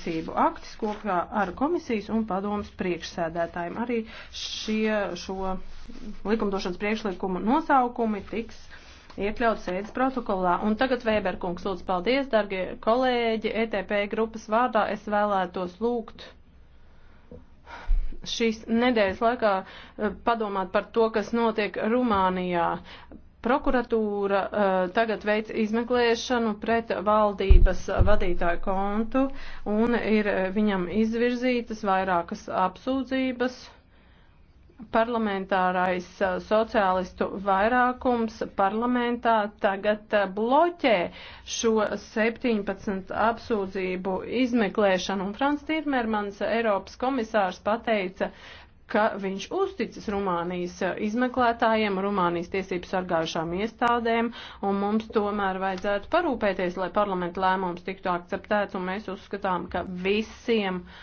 tiesību aktis kopā ar komisijas un padomas priekšsēdētājiem. Arī šie, šo likumdošanas priekšlikumu nosaukumi tiks iekļauts sēdes protokolā. Un tagad Vēberkungs lūdzu paldies, dargie kolēģi, ETP grupas vārdā es vēlētos lūgt šīs nedēļas laikā eh, padomāt par to, kas notiek Rumānijā. Prokuratūra uh, tagad veic izmeklēšanu pret valdības vadītāju kontu un ir eh, viņam izvirzītas vairākas apsūdzības. Parlamentārais eh, sociālistu vairākums parlamentā tagad bloķē šo 17 apsūdzību izmeklēšanu. Un Frans Tirmermans, Eiropas komisārs, pateica, ka viņš uzticas Rumānijas eh, izmeklētājiem, Rumānijas tiesību sargājušām iestādēm, un mums tomēr vajadzētu parūpēties, lai parlamenta lēmums tiktu akceptēts, un mēs uzskatām, ka visiem uh,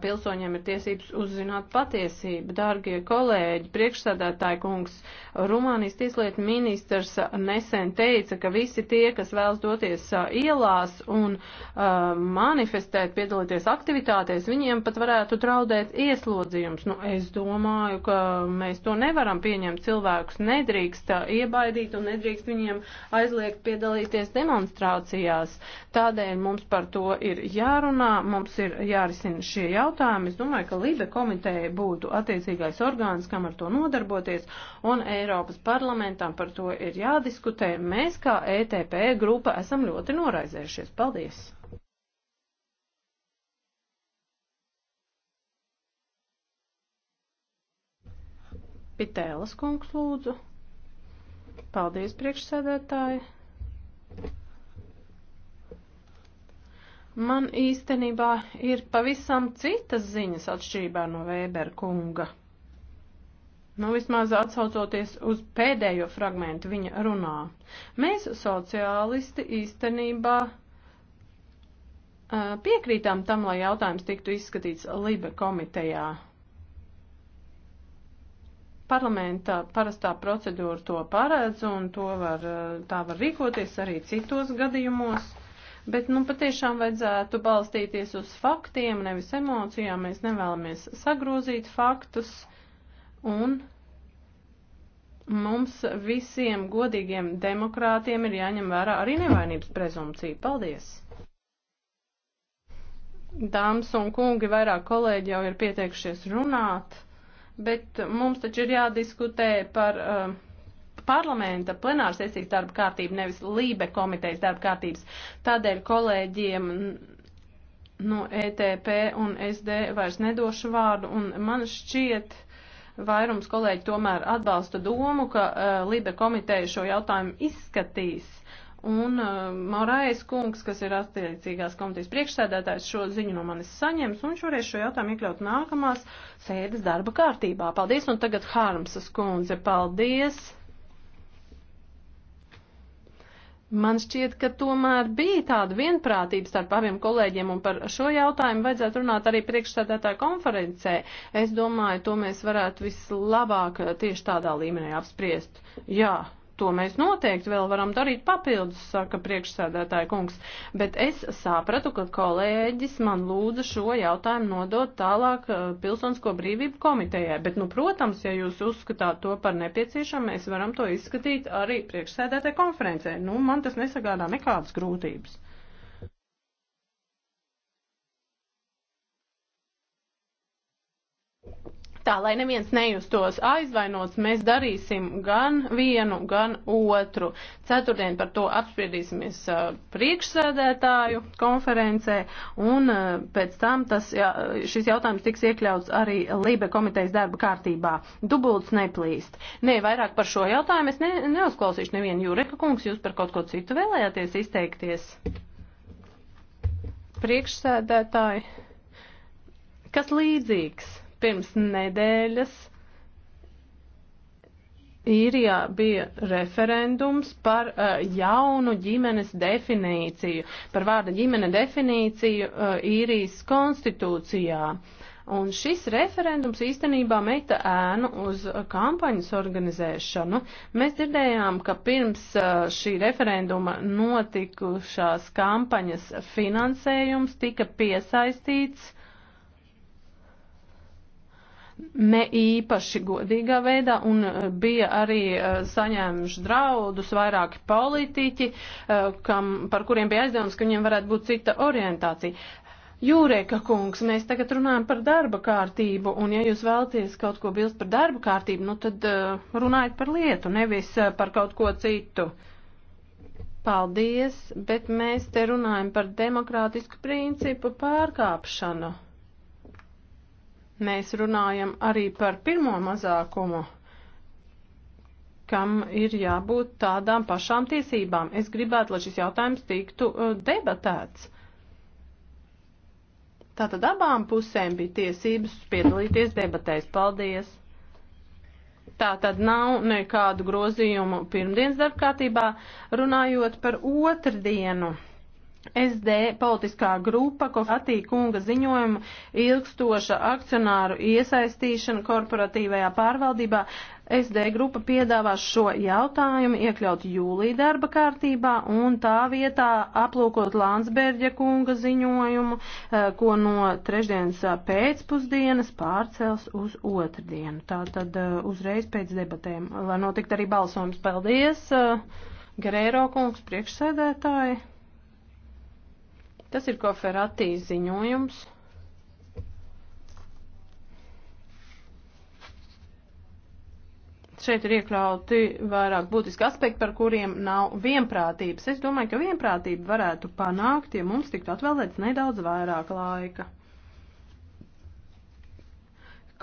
pilsoņiem ir tiesības uzzināt patiesību. Dārgie kolēģi, priekšsādātāji kungs, Rumānijas tieslietu ministrs nesen teica, ka visi tie, kas vēlas doties ielās un manifestēt, piedalīties aktivitātēs, viņiem pat varētu traudēt ieslodzījums. Nu, es domāju, ka mēs to nevaram pieņemt. Cilvēkus nedrīkst iebaidīt un nedrīkst viņiem aizliegt piedalīties demonstrācijās. Tādēļ mums par to ir jārunā, mums ir jārisina šī šie jautājumi. Es domāju, ka Libe komiteja būtu attiecīgais orgāns, kam ar to nodarboties, un Eiropas parlamentam par to ir jādiskutē. Mēs kā ETP grupa esam ļoti noraizējušies. Paldies! Pitēlas kungs lūdzu. Paldies, priekšsēdētāji. Man īstenībā ir pavisam citas ziņas atšķirībā no Vēbera kunga. Nu, vismaz atsaucoties uz pēdējo fragmentu viņa runā. Mēs, sociālisti, īstenībā piekrītām tam, lai jautājums tiktu izskatīts Libe komitejā. Parlamenta parastā procedūra to paredz, un to var, tā var rīkoties arī citos gadījumos. Bet, nu, patiešām vajadzētu balstīties uz faktiem, nevis emocijām. Mēs nevēlamies sagrozīt faktus un mums visiem godīgiem demokrātiem ir jāņem vērā arī nevainības prezumcija. Paldies! Dāmas un kungi, vairāk kolēģi jau ir pieteikušies runāt, bet mums taču ir jādiskutē par. Uh, parlamenta plenārsesijas darba kārtību, nevis Lībe komitejas darba kārtības. Tādēļ kolēģiem no ETP un SD vairs nedošu vārdu, un man šķiet, vairums kolēģi tomēr atbalsta domu, ka uh, e, Libe komiteja šo jautājumu izskatīs. Un uh, e, Maurājas kungs, kas ir attiecīgās komitejas priekšsēdētājs, šo ziņu no manis saņems un šoreiz šo jautājumu iekļaut nākamās sēdes darba kārtībā. Paldies, un tagad Harmsas kundze, paldies! Man šķiet, ka tomēr bija tāda vienprātība starp abiem kolēģiem, un par šo jautājumu vajadzētu runāt arī priekšstādātāja konferencē. Es domāju, to mēs varētu vislabāk tieši tādā līmenī apspriest. Jā, To mēs noteikti vēl varam darīt papildus, saka priekšsēdētāja kungs. Bet es sapratu, ka kolēģis man lūdza šo jautājumu nodot tālāk uh, Pilsonsko brīvību komitejai. Bet, nu, protams, ja jūs uzskatāt to par nepieciešamu, mēs varam to izskatīt arī priekšsēdētāja konferencē. Nu, man tas nesagādā nekādas grūtības. tā, lai neviens nejustos aizvainots, mēs darīsim gan vienu, gan otru. Ceturtdien par to apspriedīsimies priekšsēdētāju konferencē, un pēc tam tas, jā, šis jautājums tiks iekļauts arī Lībe komitejas darba kārtībā. Dubults neplīst. Nē, vairāk par šo jautājumu es ne, neuzklausīšu nevienu Jureka kungs, jūs par kaut ko citu vēlējāties izteikties. Priekšsēdētāji, kas līdzīgs? Pirms nedēļas īrijā bija referendums par uh, jaunu ģimenes definīciju, par vārda ģimene definīciju uh, īrijas konstitūcijā. Un šis referendums īstenībā meta ēnu uz kampaņas organizēšanu. Mēs dzirdējām, ka pirms uh, šī referenduma notikušās kampaņas finansējums tika piesaistīts uh, ne īpaši godīgā veidā, un e, bija arī e, saņēmuši draudus vairāki politiķi, e, kam, par kuriem bija aizdevums, ka viņiem varētu būt cita orientācija. Jūrēka kungs, mēs tagad runājam par darba kārtību, un ja jūs vēlaties kaut ko bilst par darba kārtību, nu tad runājiet par lietu, nevis par kaut ko citu. Paldies, bet mēs te runājam par demokrātisku principu pārkāpšanu mēs runājam arī par pirmo mazākumu, kam ir jābūt tādām pašām tiesībām. Es gribētu, lai šis jautājums tiktu e, debatēts. Tātad abām pusēm bija tiesības piedalīties debatēs. Paldies! Tā tad nav nekādu grozījumu pirmdienas darbkārtībā, runājot par otrdienu. SD politiskā grupa, ko attīk kunga ziņojumu, ilgstoša akcionāru iesaistīšana korporatīvajā pārvaldībā. SD grupa piedāvās šo jautājumu iekļaut jūlī darba kārtībā un tā vietā aplūkot Landsberģa kunga ziņojumu, eh, ko no trešdienas pēcpusdienas pārcels uz otrdienu. Tātad eh, uzreiz pēc debatēm, lai notikt arī balsojums. Paldies, eh, Gerēro kungs, priekšsēdētāji! Tas ir koferatī ziņojums. Šeit ir iekļauti vairāk būtiski aspekti, par kuriem nav vienprātības. Es domāju, ka vienprātība varētu panākt, ja mums tiktu atvēlēts nedaudz vairāk laika.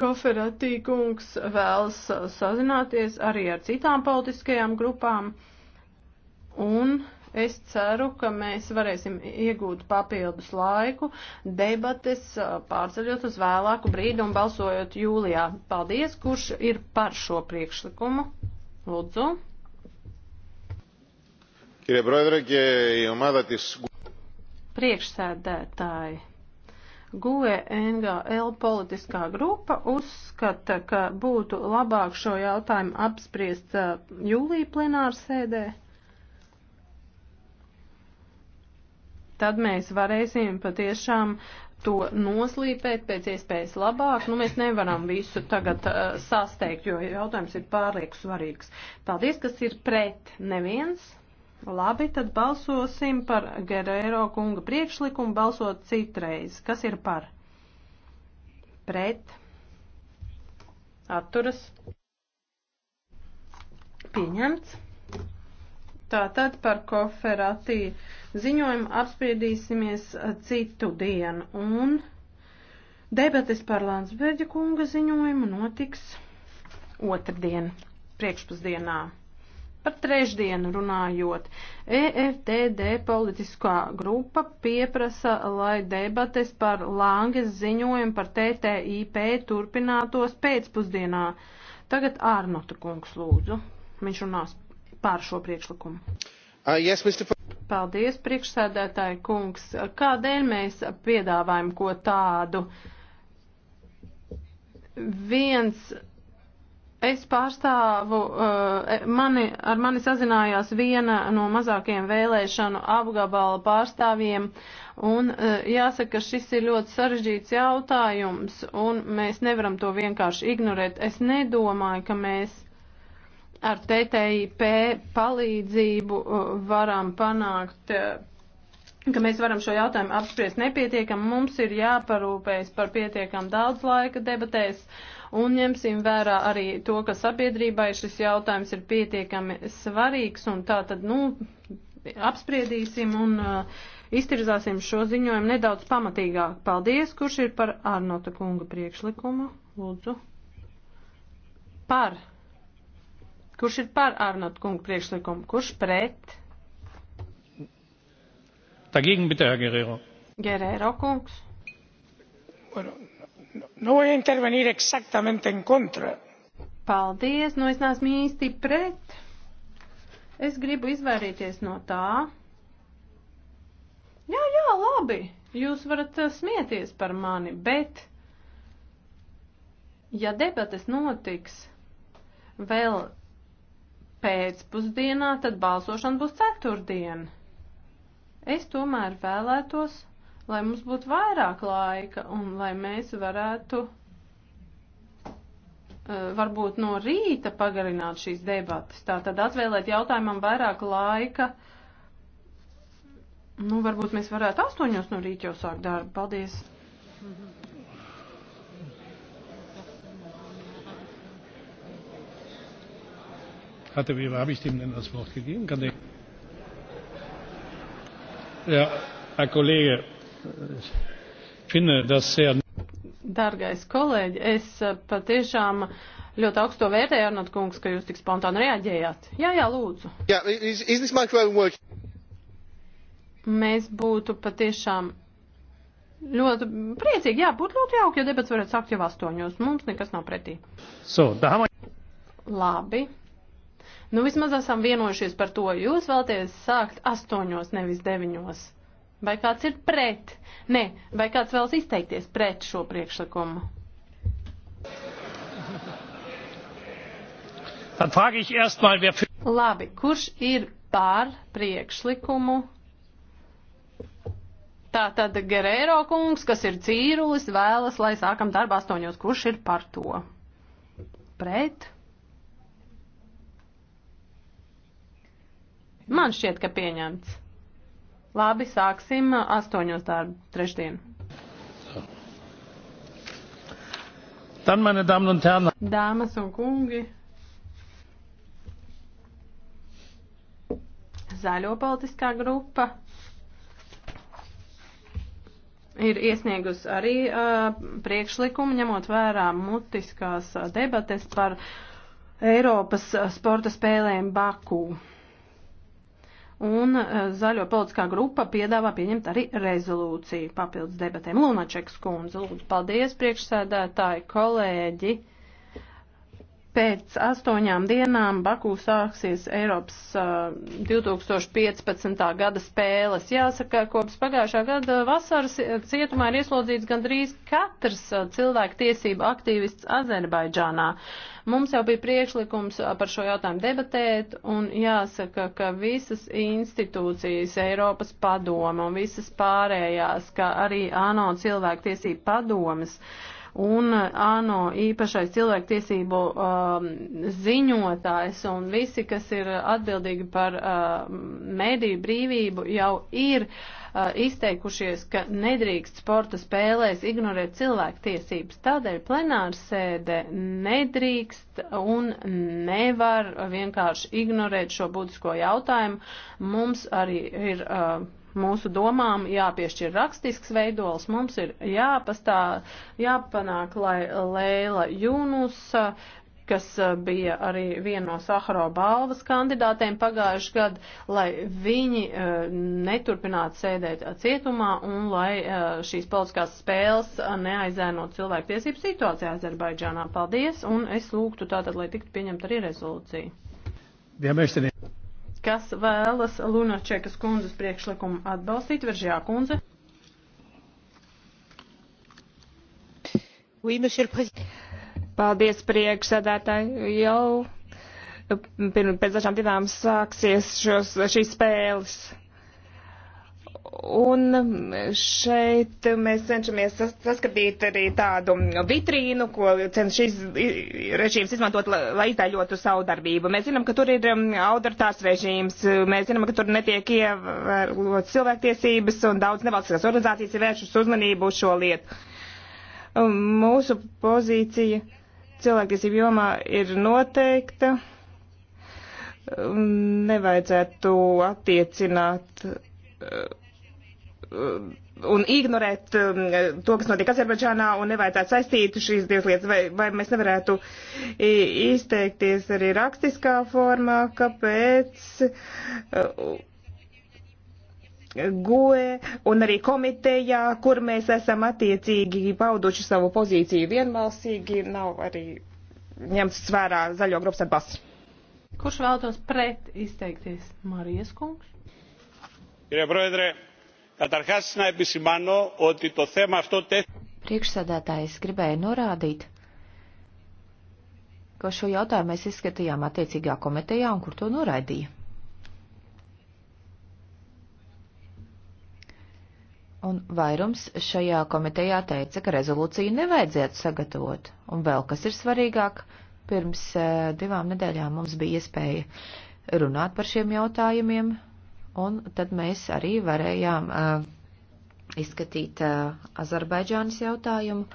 Koferatī kungs vēlas sazināties arī ar citām politiskajām grupām un Es ceru, ka mēs varēsim iegūt papildus laiku debates pārceļot uz vēlāku brīdi un balsojot jūlijā. Paldies, kurš ir par šo priekšlikumu. Lūdzu. Priekšsēdētāji. GUE NGL politiskā grupa uzskata, ka būtu labāk šo jautājumu apspriest jūlija plenārsēdē. Ar tad mēs varēsim patiešām to noslīpēt pēc iespējas labāk. Nu, mēs nevaram visu tagad uh, sasteigt, jo jautājums ir pārlieku svarīgs. Paldies, kas ir pret neviens. Labi, tad balsosim par Gerēro kunga priekšlikumu, balsot citreiz. Kas ir par? Pret. Atturas. Pieņemts. Tātad par koferatī ziņojumu apspriedīsimies eh, citu dienu, un debates par Landsbērģa kunga ziņojumu notiks otrdien, priekšpusdienā. Par trešdienu runājot, EFTD politiskā grupa pieprasa, lai debates par Langes ziņojumu par TTIP turpinātos pēcpusdienā. Tagad Ārnota kungs lūdzu. Viņš runās pār šo priekšlikumu. Uh, yes, Mr. Paldies, priekšsēdētāji kungs. Kādēļ mēs piedāvājam ko tādu? Viens Es pārstāvu, uh, mani, ar mani sazinājās viena no mazākajiem vēlēšanu apgabala pārstāvjiem, un uh, jāsaka, šis ir ļoti sarežģīts jautājums, un mēs nevaram to vienkārši ignorēt. Es nedomāju, ka mēs ar TTIP palīdzību uh, varam panākt uh, ka mēs varam šo jautājumu apspriest nepietiekam, mums ir jāparūpējas par pietiekam daudz laika debatēs un ņemsim vērā arī to, ka sabiedrībai šis jautājums ir pietiekami svarīgs un tā tad, nu, apspriedīsim un uh, iztirzāsim šo ziņojumu nedaudz pamatīgāk. Paldies, kurš ir par Arnota kunga priekšlikumu, lūdzu. Par. Kurš ir par Arnot kungu priekšlikumu? Kurš pret? Dagegen bitte, Herr Guerrero. Guerrero kungs. Bueno, no, no voy a intervenir exactamente en contra. Paldies, nu es neesmu īsti pret. Es gribu izvairīties no tā. Jā, jā, labi. Jūs varat eh, smieties par mani, bet, ja debates notiks vēl pēcpusdienā, tad balsošana būs ceturtdien. Es tomēr vēlētos, lai mums būtu vairāk laika un lai mēs varētu eh, varbūt no rīta pagarināt šīs debatas, tātad atvēlēt jautājumam vairāk laika. Nu, varbūt mēs varētu astoņos no rīta jau sākt darbu. Paldies! Mm -hmm. Hatte, wem habe ich dem denn das Wort gegeben? Kann der, ja, Herr Kollege, ich finde das sehr. Dargais kolēģi, es äh, patiešām ļoti augsto vērtēju, Arnot kungs, ka jūs tik spontāni reaģējāt. Jā, jā, lūdzu. Yeah, is, is this microphone working? Mēs būtu patiešām ļoti priecīgi, jā, būtu ļoti jauki, ja debats varētu sākt jau astoņos. Mums nekas nav pretī. So, Labi, Nu, vismaz esam vienojušies par to. Jūs vēlaties sākt astoņos, nevis deviņos. Vai kāds ir pret? Nē, vai kāds vēlas izteikties pret šo priekšlikumu? Tad frage ich erstmal, wer für. Labi, kurš ir pār priekšlikumu? Tā tad Gerēro kungs, kas ir cīrulis, vēlas, lai sākam darbu astoņos. Kurš ir par to? Pret? Man šķiet, ka pieņemts. Labi, sāksim astoņos darbu trešdien. Dann, meine Damen und Herren. Dāmas un kungi. Zaļo politiskā grupa ir iesniegus arī uh, priekšlikumu, ņemot vērā mutiskās debates par Eiropas sporta spēlēm Bakū un eh, zaļo politiskā grupa piedāvā pieņemt arī rezolūciju papildus debatēm. Lunačeks kundze, lūdzu, paldies priekšsēdētāji, kolēģi! Pēc astoņām dienām Bakū sāksies Eiropas uh, 2015. gada spēles. Jāsaka, kopš pagājušā gada vasaras cietumā ir ieslodzīts gandrīz katrs uh, cilvēku tiesību aktīvists Azerbaidžānā. Mums jau bija priekšlikums par šo jautājumu debatēt, un jāsaka, ka visas institūcijas, Eiropas padoma un visas pārējās, kā arī ANO cilvēku tiesību padomas, uh, un eh, ANO īpašais cilvēktiesību um, ziņotājs un visi, kas ir atbildīgi par uh, mediju brīvību, jau ir uh, izteikušies, ka nedrīkst sporta spēlēs ignorēt cilvēktiesības. Tādēļ plenārsēde nedrīkst un nevar vienkārši ignorēt šo būtisko jautājumu. Mums arī ir. Uh, Mūsu domām jāpiešķir rakstisks veidols, mums ir jāpastā, jāpanāk, lai Leila Junusa, kas eh, bija arī viena no Sahara balvas kandidātēm pagājuši gadu, lai viņi eh, neturpinātu sēdēt cietumā un lai eh, šīs politiskās spēles neaizēno cilvēktiesību situāciju Azerbaidžānā. Paldies, un es lūgtu tātad, lai tiktu pieņemta arī rezolūcija. Diemēr, kas vēlas Lunačekas kundzes priekšlikumu atbalstīt, Veržjā kundze. Oui, Paldies, priekšsēdētāji. Jau pirms, pēc dažām dienām sāksies šos, šīs spēles. Un šeit mēs cenšamies saskatīt arī tādu vitrīnu, ko šis režīms izmantot, lai izdaļotu savu darbību. Mēs zinām, ka tur ir um, autoritārs režīms, mēs zinām, ka tur netiek ievērot cilvēktiesības un daudz nevalstiskās organizācijas ir vēršas uzmanību uz šo lietu. Um, mūsu pozīcija cilvēktiesību jomā ir noteikta. Um, nevajadzētu attiecināt uh, Um, un ignorēt um, to, kas notiek Azerbaidžānā, un nevajadzētu saistīt šīs divas lietas, vai, vai mēs nevarētu izteikties arī rakstiskā formā, kāpēc uh, GOE un arī komitejā, kur mēs esam attiecīgi pauduši savu pozīciju vienbalsīgi, nav arī ņemts vērā zaļo grupas atbalsts. Kurš vēlētos pret izteikties? Marijas kungs? Ja, Καταρχάς να επισημάνω ότι το θέμα αυτό τέθηκε. Priekšsēdētājs gribēja norādīt, ka šo jautājumu mēs izskatījām attiecīgā komitejā un kur to noraidīja. Un vairums šajā komitejā teica, ka rezolūciju nevajadzētu sagatavot. Un vēl kas ir svarīgāk, pirms eh, divām nedēļām mums bija iespēja runāt par šiem jautājumiem, Un tad mēs arī varējām uh, izskatīt uh, Azerbaidžānas jautājumu,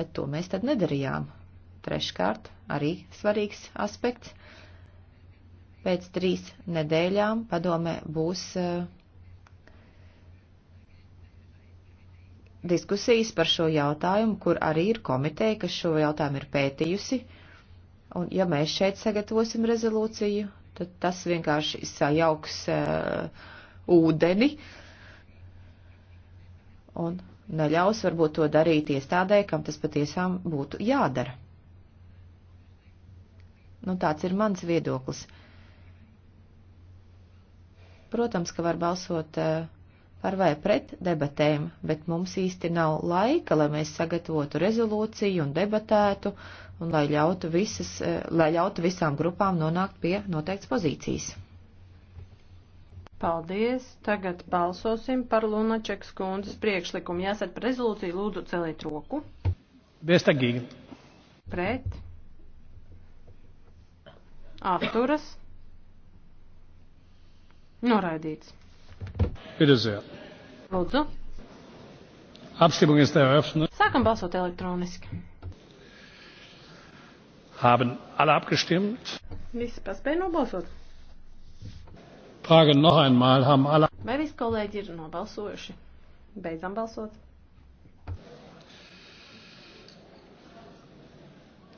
bet to mēs tad nedarījām. Treškārt, arī svarīgs aspekts. Pēc trīs nedēļām padomē būs uh, diskusijas par šo jautājumu, kur arī ir komiteja, kas šo jautājumu ir pētījusi. Uh, Un ja mēs šeit sagatavosim rezolūciju, tad tas vienkārši sajauks uh, ūdeni un neļaus varbūt to darīt iestādē, kam tas patiesām būtu jādara. Nu, tāds ir mans viedoklis. Protams, ka var balsot uh, par vai pret debatēm, bet mums īsti nav laika, lai mēs sagatavotu rezolūciju un debatētu, un lai ļautu, visas, eh, lai ļautu visām grupām nonākt pie noteikts pozīcijas. Paldies! Tagad balsosim par Lunačekas kundzes priekšlikumu. Jāsat par rezolūciju, lūdzu celīt roku. Viestagīgi. Pret. Apturas. Noraidīts. Vidusējā. Lūdzu. Abstimmung ist eröffnet. Sākam balsot elektroniski. Haben alle abgestimmt? Visi paspēja nobalsot. Frage noch einmal, haben alle... Vai visi kolēģi ir nobalsojuši? Beidzam balsot.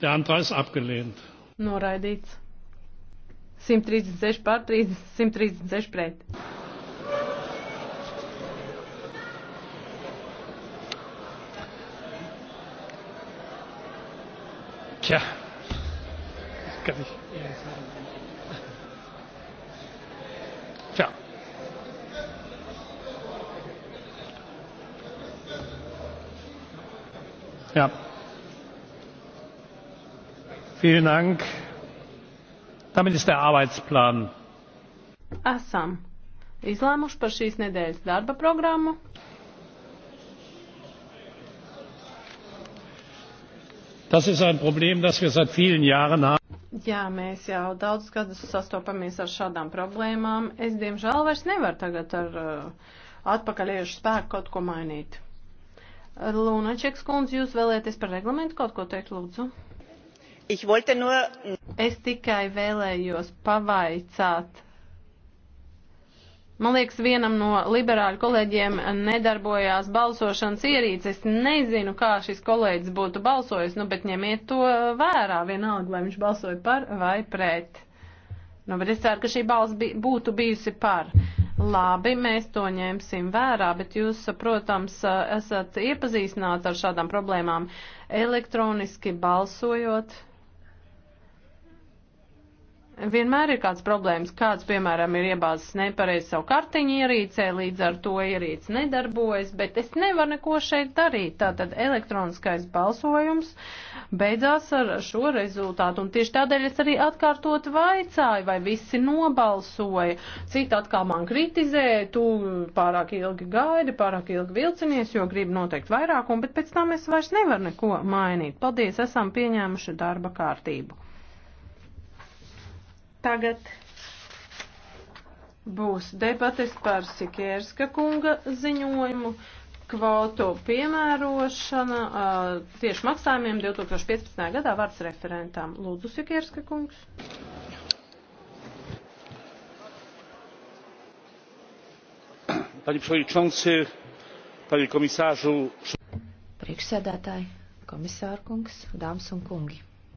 Der Antrag ist abgelehnt. Noraidīts. 136 pār 30, 136 pret. Tja. Kann ich. Tja. Ja. Vielen Dank. Damit ist der Arbeitsplan. Esam izlēmuši par šīs nedēļas darba programmu. Das ist ein Problem, das wir seit vielen Jahren haben. Jā, mēs jau daudz gadus sastopamies ar šādām problēmām. Es, diemžēl, vairs nevaru tagad ar uh, atpakaļiešu spēku kaut ko mainīt. Lunačeks kundze, jūs vēlēties par reglamentu kaut ko teikt, lūdzu? Es tikai vēlējos pavaicāt Man liekas, vienam no liberāļu kolēģiem nedarbojās balsošanas ierīce. Es nezinu, kā šis kolēģis būtu balsojis, nu, bet ņemiet to vērā vienalga, vai viņš balsoja par vai pret. Nu, bet es ceru, ka šī balss bi būtu bijusi par. Labi, mēs to ņemsim vērā, bet jūs, protams, esat iepazīstināti ar šādām problēmām elektroniski balsojot vienmēr ir kāds problēmas, kāds, piemēram, ir iebāzis nepareizi savu kartiņu ierīcē, līdz ar to ierīce nedarbojas, bet es nevaru neko šeit darīt. Tātad elektroniskais balsojums beidzās ar šo rezultātu, un tieši tādēļ es arī atkārtot vaicāju, vai visi nobalsoja. Citi atkal man kritizē, tu pārāk ilgi gaidi, pārāk ilgi vilcinies, jo gribi noteikti vairākumu, bet pēc tam es vairs nevaru neko mainīt. Paldies, esam pieņēmuši darba kārtību. Tagad būs debates par Sikierska kunga ziņojumu, kvotu piemērošana tieši maksājumiem 2015. gadā vārds referentām. Lūdzu, Sikierska kungs. Panie przewodniczący, panie komisarzu. Priekšsēdētāji, komisārkungs, dāmas un kungi.